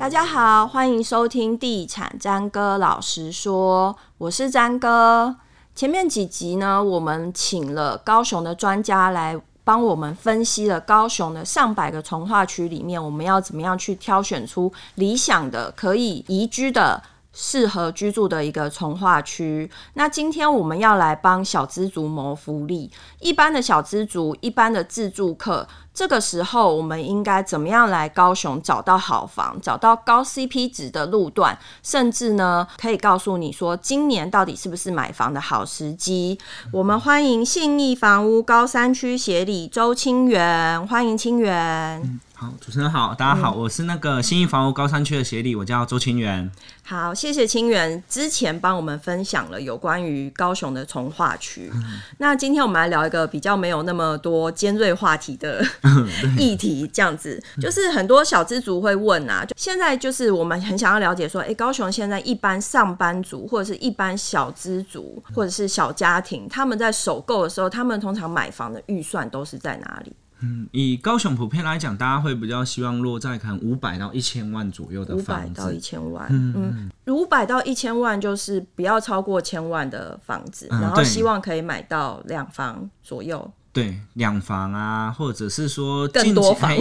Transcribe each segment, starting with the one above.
大家好，歡迎收聽《地產詹哥老實說》，我是詹哥。前面幾集呢，我們請了高雄的專家來幫我們分析了高雄的上百個重劃區裡面，我們要怎麼樣去挑選出理想的可以宜居的。適合居住的一個重劃區。那今天我們要來幫小資族謀福利。一般的小資族，一般的自住客，這個時候我們應該怎麼樣來高雄找到好房，找到高 CP 值的路段，甚至呢可以告訴你說，今年到底是不是買房的好時機？嗯、我們歡迎信義房屋高三區協理周清源，歡迎清源。嗯好，主持人好，大家好，嗯、我是那個信義房屋高三區的協理，我叫周清源。好，謝謝清源之前幫我們分享了有關於高雄的重劃區。嗯、那今天我們來聊一個比較沒有那麼多尖銳話題的、嗯、議題，這樣子就是很多小資族會問啊，就現在就是我們很想要了解說，哎、欸，高雄現在一般上班族或者是一般小資族或者是小家庭，他們在首購的時候，他們通常買房的預算都是在哪裡？嗯，以高雄普遍來講，大家會比較希望落在可能五百到一千萬左右的房子。五百到一千萬，嗯，嗯，五百、嗯、到一千萬就是不要超過千萬的房子，嗯、然後希望可以買到兩房左右。對，兩房啊，或者是說更多房，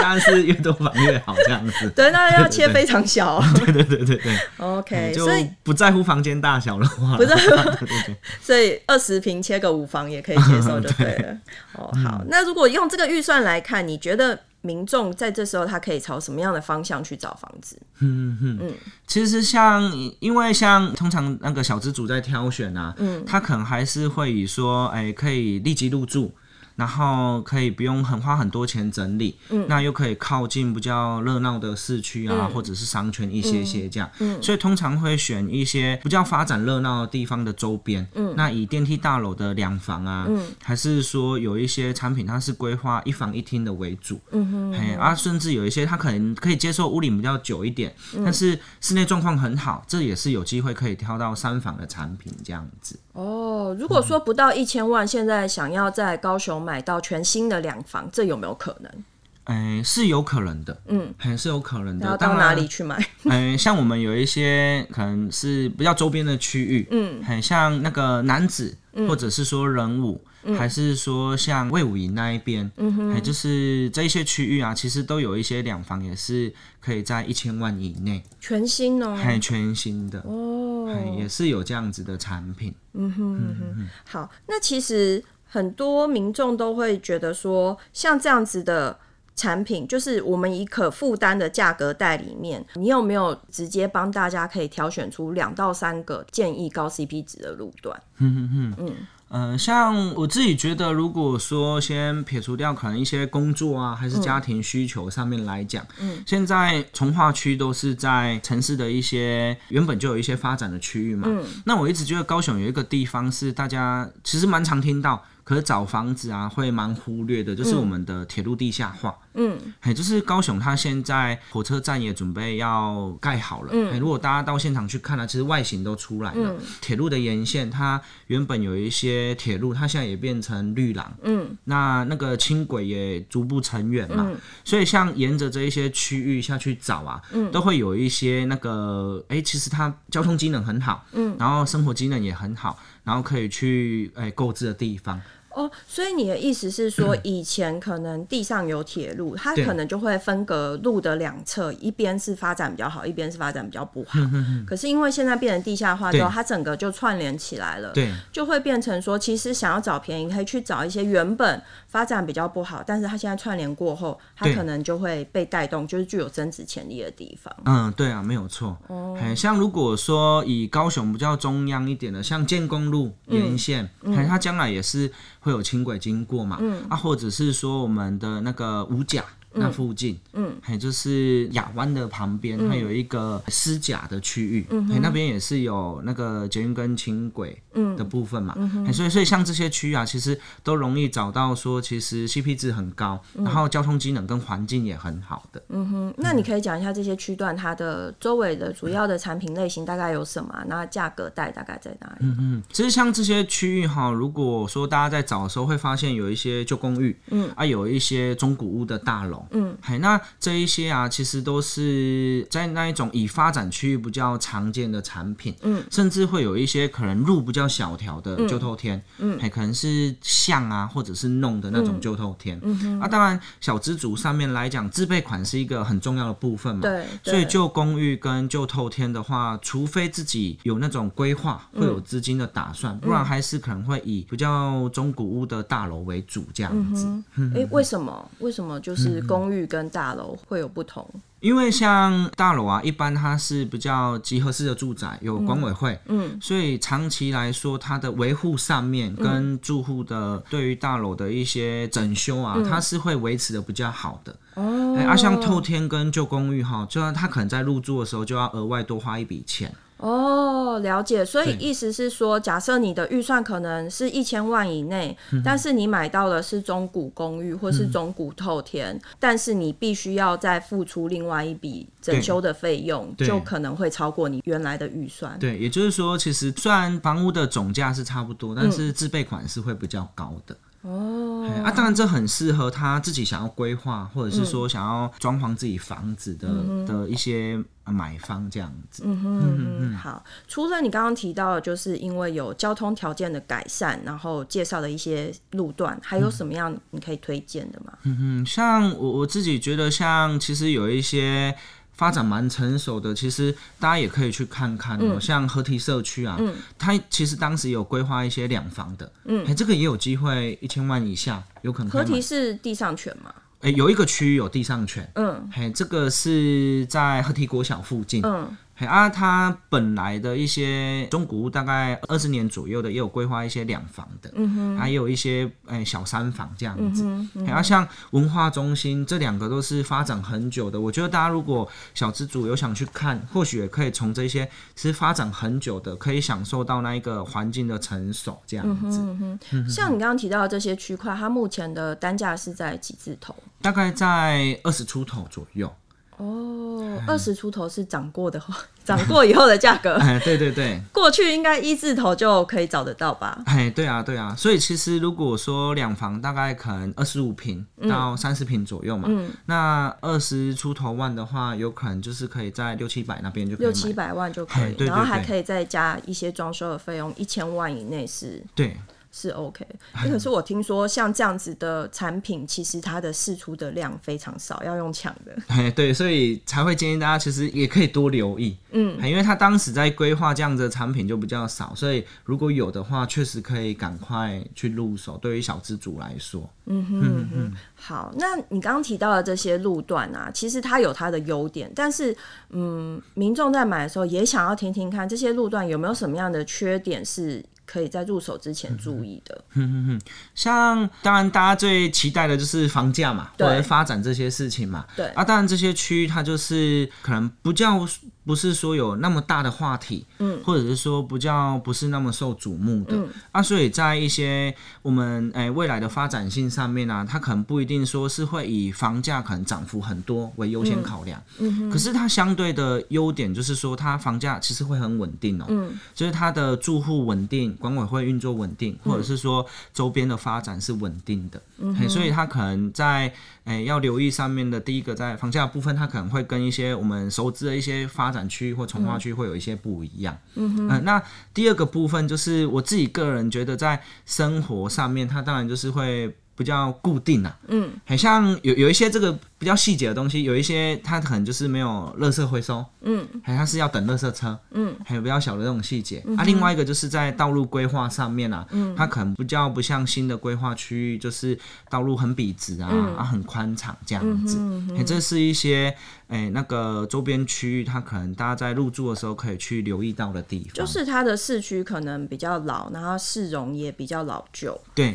當然是越多房越好這樣子。 對，對，對，那要切非常小。 對對對對，對 OK，、嗯、所以不在乎房間大小的話，不在乎。 對對對，所以二十坪切個五房也可以接受，就對了。 對哦，好，那如果用這個預算來看，你覺得？民眾在這時候，他可以朝什麼樣的方向去找房子？嗯嗯嗯，嗯其實像，因為像通常那個小資族在挑選啊，嗯，他可能還是會以說，哎、欸，可以立即入住。然後可以不用很花很多錢整理，嗯、那又可以靠近比較熱鬧的市區啊，嗯、或者是商圈一些些這樣，嗯嗯、所以通常會選一些比較發展熱鬧的地方的周邊。嗯、那以電梯大樓的兩房啊，嗯、還是說有一些產品它是規劃一房一廳的為主，嗯、哼嘿，啊，甚至有一些它可能可以接受屋齡比較久一點，嗯、但是室內狀況很好，這也是有機會可以挑到三房的產品這樣子。哦，如果說不到一千萬，現在想要在高雄。買到全新的兩房，這有沒有可能？哎，是有可能的，嗯，還是有可能的。到哪裡去買？哎，像我們有一些可能是比較周邊的區域，嗯，很像那個楠梓，或者是說仁武，還是說像衛武營那一邊，嗯哼，還就是這些區域啊，其實都有一些兩房也是可以在一千萬以內，全新哦，很全新的哦，也是有這樣子的產品，嗯哼，好，那其實。很多民眾都會覺得說，像這樣子的產品，就是我們以可負擔的價格帶裡面，你有沒有直接幫大家可以挑選出兩到三個建議高 CP 值的路段？嗯嗯嗯嗯，呃，像我自己覺得，如果說先撇除掉可能一些工作啊，還是家庭需求上面來講，嗯，嗯，現在重劃區都是在城市的一些原本就有一些發展的區域嘛，嗯，那我一直覺得高雄有一個地方是大家其實蠻常聽到。可是找房子啊，會蠻忽略的，就是我們的鐵路地下化。嗯，哎，就是高雄，它現在火車站也準備要蓋好了。嗯，誒，如果大家到現場去看呢，啊，其實外形都出來了。嗯，鐵路的沿線，它原本有一些鐵路，它現在也變成綠廊。嗯，那那個輕軌也逐步成圓嘛。嗯，所以像沿着這一些區域下去找啊，嗯，都會有一些那個，哎，其實它交通機能很好。嗯，然後生活機能也很好，然後可以去哎購置的地方。哦，oh, 所以你的意思是說，以前可能地上有鐵路，它、嗯、可能就會分隔路的兩側，對一邊是發展比較好，一邊是發展比較不好。嗯、哼哼，可是因為現在變成地下化之後，它對整個就串聯起來了，對，就會變成說，其實想要找便宜，可以去找一些原本發展比較不好，但是它現在串聯過後，它對可能就會被帶動，就是具有增值潛力的地方。嗯，對啊，沒有錯。哦、嗯，像如果說以高雄比較中央一點的，像建工路沿線，它將、嗯、來也是。會有輕軌經過嘛？嗯、啊，或者是說我們的那個五甲。那附近，嗯，還、嗯、就是亞灣的旁邊，嗯、它有一個獅甲的區域，嗯哼，那邊也是有那個捷運跟輕軌，嗯的部分嘛，嗯，嗯，所以所以像這些區域啊，其實都容易找到說，其實 CP 值很高，嗯、然後交通機能跟環境也很好的。嗯哼，那你可以講一下這些區段它的周圍的主要的產品類型大概有什麼，那價格帶大概在哪裡？嗯哼，其實像這些區域哈、啊，如果說大家在找的時候會發現有一些舊公寓，嗯，啊有一些中古屋的大樓。嗯嘿，那這一些啊，其實都是在那一種以發展區域比較常見的產品，嗯，甚至會有一些可能路比較小條的舊透天，嗯，哎、嗯，可能是像啊，或者是弄的那種舊透天，嗯嗯，嗯啊，當然小資族上面來講，自備款是一個很重要的部分嘛，對，對，所以舊公寓跟舊透天的話，除非自己有那種規劃，會有資金的打算，不然還是可能會以比較中古屋的大樓為主這樣子，哎、嗯欸，為什麼？為什麼就是？公寓跟大樓會有不同，因為像大樓啊，一般它是比較集合式的住宅，有管委會，嗯，嗯，所以長期來說，它的維護上面跟住戶的對於大樓的一些整修啊，嗯嗯、它是會維持得比較好的。哦、嗯，而、欸啊、像透天跟舊公寓哈，就算、啊、他可能在入住的時候就要額外多花一筆錢。哦，了解，所以意思是說，對假設你的預算可能是一千萬以內，嗯、哼但是你買到的是中古公寓或是中古透天，嗯、哼但是你必須要再付出另外一筆整修的費用，對就可能會超過你原來的預算。對，也就是說，其實雖然房屋的總價是差不多，但是自備款是會比較高的。嗯哦，啊，當然，這很適合他自己想要規劃，或者是說想要裝潢自己房子的、嗯、的一些買方這樣子。嗯哼嗯哼，好。除了你剛剛提到的，就是因為有交通條件的改善，然後介紹的一些路段，還有什麼樣你可以推薦的嗎嗯？嗯哼，像我我自己覺得，像其實有一些。發展蠻成熟的，其實大家也可以去看看、喔嗯、像河堤社區啊，嗯、它其實當時有規劃一些兩房的，哎、嗯欸，這個也有機會一千萬以下有可能可。河堤是地上權嗎、欸？有一個區域有地上權，嗯、欸，這個是在河堤國小附近，嗯。啊，它本來的一些中古屋大概二十年左右的，也有規劃一些兩房的，嗯哼，還有一些，欸、小三房這樣子。然後，嗯嗯啊、像文化中心這兩個都是發展很久的，我覺得大家如果小資族有想去看，或許也可以從這些是發展很久的，可以享受到那一個環境的成熟這樣子。嗯哼，嗯哼，像你剛剛提到的這些區塊，它目前的單價是在幾字頭？大概在二十出頭左右。哦，二十、嗯、出頭是漲過的，漲過以後的價格。哎、嗯，對對對，過去應該一字頭就可以找得到吧？哎、嗯，對啊，對啊。所以其實如果說兩房大概可能二十五平到三十平左右嘛，嗯嗯、那二十出頭萬的話，有可能就是可以在六七百那邊就可以六七百萬就可以，嗯、對對對，然後還可以再加一些裝修的費用，一千萬以內是。對。是 OK，可是我聽說像這樣子的產品，其實它的釋出的量非常少，要用搶的。哎，對，所以才會建議大家，其實也可以多留意，嗯，因為他當時在規劃這樣子的產品就比較少，所以如果有的話，確實可以趕快去入手。對於小資族來說，嗯哼嗯哼，嗯，好，那你剛剛提到的這些路段啊，其實它有它的優點，但是嗯，民眾在買的時候也想要聽聽看這些路段有沒有什麼樣的缺點是。可以在入手之前注意的。嗯嗯嗯、像當然大家最期待的就是房價嘛，或者對發展這些事情嘛，對啊，當然這些區域它就是可能比較不是說有那麼大的話題，嗯，或者是說比較不是那麼受矚目的，嗯、啊，所以在一些我們哎、欸、未來的發展性上面呢、啊，它可能不一定說是會以房價可能漲幅很多為優先考量，嗯，嗯哼，可是它相對的優點就是說它房價其實會很穩定哦、喔，嗯，就是它的住戶穩定。管委會運作穩定，或者是說周邊的發展是穩定的、嗯哼嗯，所以他可能在誒、欸、要留意上面的。第一個在房價部分，他可能會跟一些我們熟知的一些發展區或重劃區會有一些不一樣。嗯哼、呃，那第二個部分就是我自己個人覺得在生活上面，他當然就是會。比較固定啊，嗯，很像有有一些這個比較細節的東西，有一些它可能就是沒有垃圾回收，嗯，還它是要等垃圾車，嗯，還有比較小的這種細節、嗯、哼啊。另外一個就是在道路規劃上面啊，嗯，它可能比較不像新的規劃區域，就是道路很筆直啊，嗯、啊，很寬敞這樣子。嗯哼哼，這是一些、欸、那個周邊區域，它可能大家在入住的時候可以去留意到的地方。就是它的市區可能比較老，然後市容也比較老舊。對。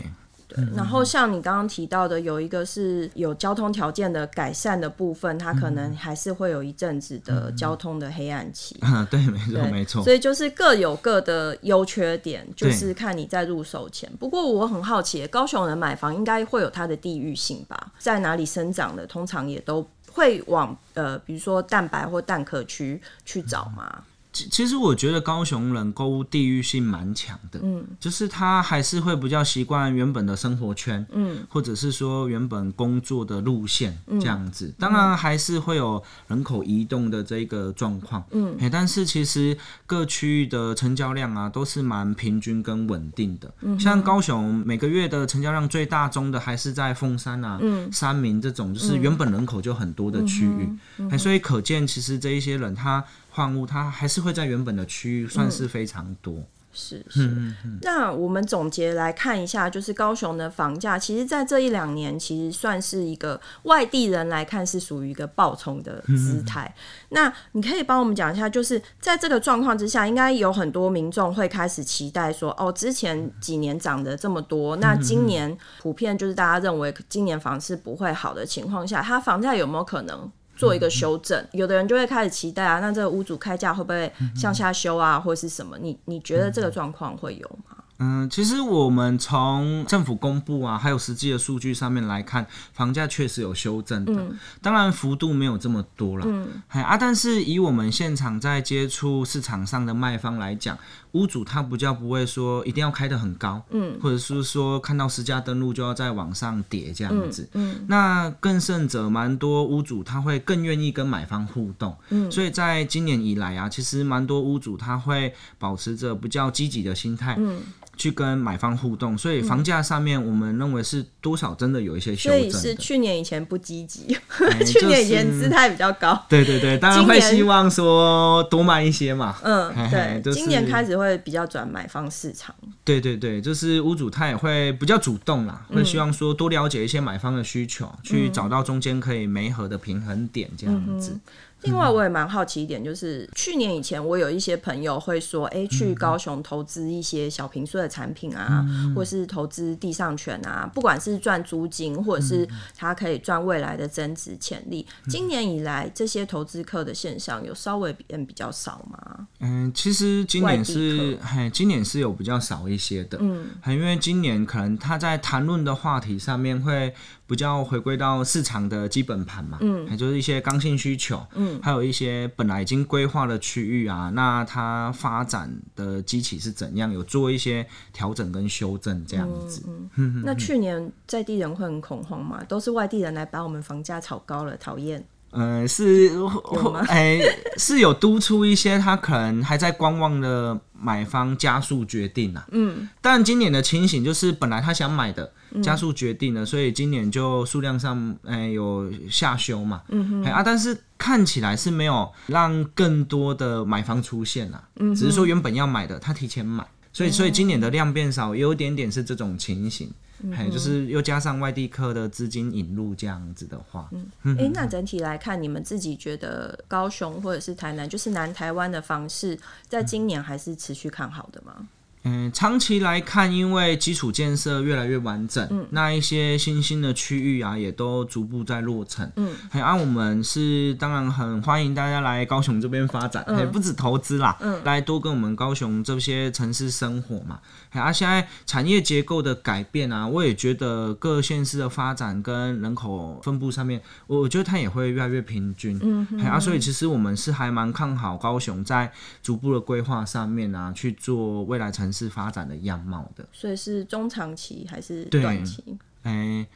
然後像你剛剛提到的，有一個是有交通條件的改善的部分，它可能還是會有一陣子的交通的黑暗期。嗯，嗯，嗯、啊，對，沒錯，對沒錯錯。所以就是各有各的優缺點，就是看你在入手前。對不過我很好奇，高雄人買房應該會有它的地域性吧？在哪裡生長的，通常也都會往呃，比如說蛋白或蛋殼區去找嘛。嗯其實我覺得高雄人購物地域性蠻強的，嗯，就是他還是會比較習慣原本的生活圈，嗯，或者是說原本工作的路線這樣子。嗯嗯、當然還是會有人口移動的這一個狀況，嗯、欸，但是其實各區域的成交量啊都是蠻平均跟穩定的。嗯、哼像高雄每個月的成交量最大宗的還是在鳳山啊、三民、嗯、這種，就是原本人口就很多的區域，嗯嗯、所以可見其實這一些人他。礦物它還是會在原本的區域，算是非常多，嗯、是是。嗯、那我們總結來看一下，就是高雄的房價，其實在這一兩年其實算是一個外地人來看是屬於一個暴衝的姿態。嗯、那你可以幫我們講一下，就是在這個狀況之下，應該有很多民眾會開始期待說，哦，之前幾年漲得這麼多，那今年普遍就是大家認為今年房市不會好的情況下，它房價有沒有可能？做一個修正，嗯嗯，有的人就會開始期待啊，那這個屋主開價會不會向下修啊，嗯嗯，或者是什麼？你你覺得這個狀況會有嗎？嗯，其實我們從政府公布啊，還有實際的數據上面來看，房價確實有修正的，嗯、當然幅度沒有這麼多了。嗯，啊，但是以我們現場在接觸市場上的賣方來講，屋主他比較不會說一定要開得很高，嗯，或者是說看到實價登錄就要再往上疊這樣子。嗯，嗯，那更甚者，蠻多屋主他會更願意跟買方互動。嗯，所以在今年以來啊，其實蠻多屋主他會保持着比較積極的心態。嗯。去跟買方互動，所以房價上面我們認為是多少真的有一些修正。所以是去年以前不積極，欸，就是、 去年以前姿態比較高。對對對，當然會希望說多賣一些嘛。嗯，對，嘿嘿就是、今年開始會比較轉買方市場。對對對，就是屋主他也會比較主動啦，會希望說多了解一些買方的需求，嗯、去找到中間可以媒合的平衡點這樣子。嗯另外，我也蠻好奇一點，就是、嗯、去年以前，我有一些朋友會說，哎、欸，去高雄投資一些小坪數的產品啊，嗯、或是投資地上權啊，不管是賺租金或者是他可以賺未來的增值潛力。嗯、今年以來，這些投資客的現象有稍微嗯比較少嗎？嗯，其實今年是，嘿，今年是有比較少一些的，嗯，因為今年可能他在談論的話題上面會比較回歸到市場的基本盤嘛，嗯，還就是一些剛性需求，嗯。還有一些本來已經規劃的區域啊，那它發展的機器是怎樣？有做一些調整跟修正這樣子。嗯嗯、 那去年在地人會很恐慌嘛？都是外地人來把我們房價炒高了，討厭。嗯、呃，是，我我們，哎、欸，是有督促一些他可能還在觀望的買方加速決定啊。嗯，但今年的情形就是，本來他想買的加速決定了，嗯、所以今年就數量上，哎、欸，有下修嘛。嗯哼、欸、啊，但是看起來是沒有讓更多的買方出現了、啊。嗯哼。只是說原本要買的他提前買，所以所以今年的量變少，有一點點是這種情形。 就是又加上外地客的資金引入這樣子的話，嗯欸、那整體來看， 你們自己覺得高雄或者是台南，就是南台灣的房市，在今年還是持續看好的嗎？嗯嗯、欸，長期來看，因為基礎建設越來越完整，嗯、那一些新興的區域啊，也都逐步在落成。嗯，還啊，我們是當然很歡迎大家來高雄這邊發展，嗯，不止投資啦，嗯，來多跟我們高雄這些城市生活嘛。還啊，現在產業結構的改變啊，我也覺得各縣市的發展跟人口分布上面，我覺得它也會越來越平均。嗯，嗯，還啊，所以其實我們是還蠻看好高雄在逐步的規劃上面啊，去做未來城市。是發展的樣貌的，所以是中長期還是短期？哎、欸，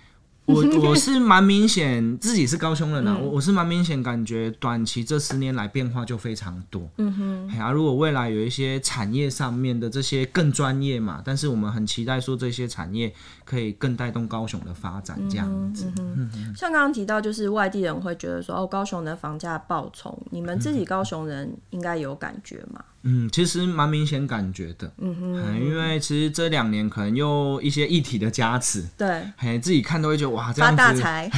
我我是蠻明顯自己是高雄人呢、啊，我、 嗯、哼我是蠻明顯感覺短期這十年來變化就非常多。嗯哼、啊，如果未來有一些產業上面的這些更專業嘛，但是我們很期待說這些產業可以更帶動高雄的發展這樣子。嗯嗯、像剛剛提到，就是外地人會覺得說哦，高雄的房價暴衝，你們自己高雄人應該有感覺嗎？嗯嗯，其實蠻明顯感覺的，嗯哼，因為其實這兩年可能又一些議題的加持，對，嘿，自己看都會覺得哇，這樣子，發大財，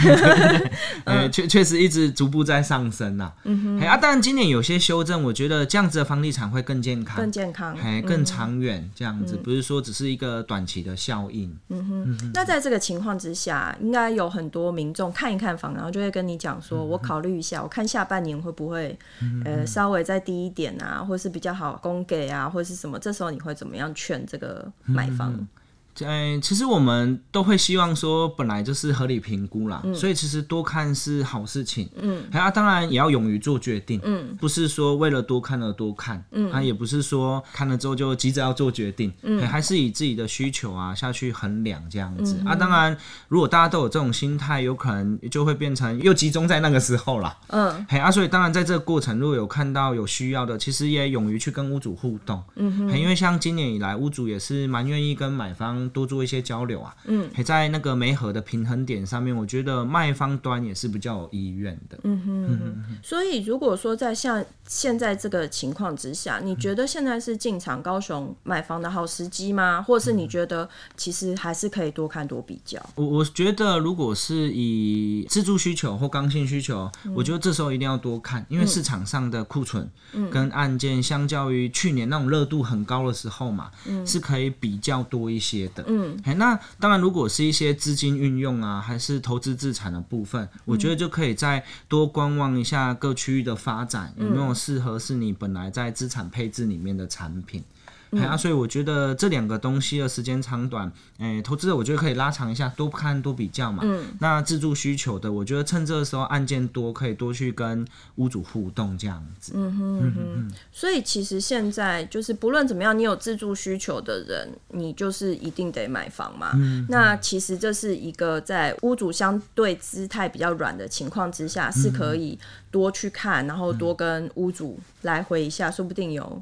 呃，確確實一直逐步在上升吶，嗯哼，啊，但今年有些修正，我覺得這樣子的房地產會更健康，更健康，更長遠，這樣子不是說只是一個短期的效應，嗯哼，那在這個情況之下，應該有很多民眾看一看房，然後就會跟你講說，我考慮一下，我看下半年會不會呃稍微再低一點啊，或者是比較，好供給啊，或者是什麼？這時候你會怎麼樣勸這個買方？嗯嗯嗯嗯、欸，其實我們都會希望說，本來就是合理評估啦，嗯、所以其實多看是好事情。嗯，嘿啊，當然也要勇於做決定。嗯，不是說為了多看了多看，嗯，啊，也不是說看了之後就急着要做決定。嗯，還是以自己的需求啊下去衡量這樣子。嗯、哼啊，當然，如果大家都有這種心態，有可能就會變成又集中在那個時候啦。嗯，嘿啊，所以當然在這個過程，如果有看到有需要的，其實也勇於去跟屋主互動。嗯哼，因為像今年以來，屋主也是蠻願意跟買方。多做一些交流啊，嗯，還在那個媒合的平衡點上面，我覺得賣方端也是比較有意願的，嗯哼，嗯哼， 所以如果說在像現在這個情況之下，你覺得現在是進場高雄買房的好時機嗎？或者是你覺得其實還是可以多看多比較？我、嗯、我覺得，如果是以自住需求或剛性需求，嗯、我覺得這時候一定要多看，因為市場上的庫存跟案件相較於去年那種熱度很高的時候嘛，嗯、是可以比較多一些的。嗯，嘿，那當然，如果是一些資金運用啊，還是投資資產的部分，我覺得就可以再多觀望一下各區域的發展，嗯、有沒有適合是你本來在資產配置裡面的產品。嗯啊、所以我覺得這兩個東西的時間長短，哎、欸，投資者我覺得可以拉長一下，多看多比較嘛。嗯。那自住需求的，我覺得趁這個時候案件多，可以多去跟屋主互動這樣子。嗯哼，哼，嗯哼，哼。所以其實現在就是不論怎麼樣，你有自住需求的人，你就是一定得買房嘛。嗯哼。那其實這是一個在屋主相對姿態比較軟的情況之下，嗯、哼是可以多去看，然後多跟屋主來回一下，嗯、說不定有。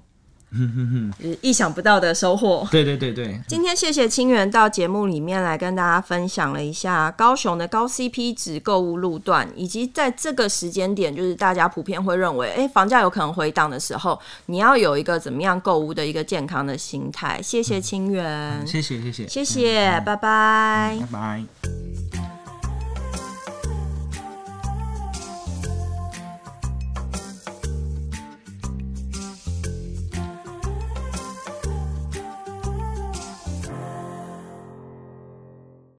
意想不到的收穫。對對對對，今天謝謝清源到節目裡面來跟大家分享了一下高雄的高 CP 值購物路段，以及在這個時間點，就是大家普遍會認為，誒，房價有可能回檔的時候，你要有一個怎麼樣購物的一個健康的心態。謝謝清源，謝謝謝謝，謝謝，拜拜，拜拜。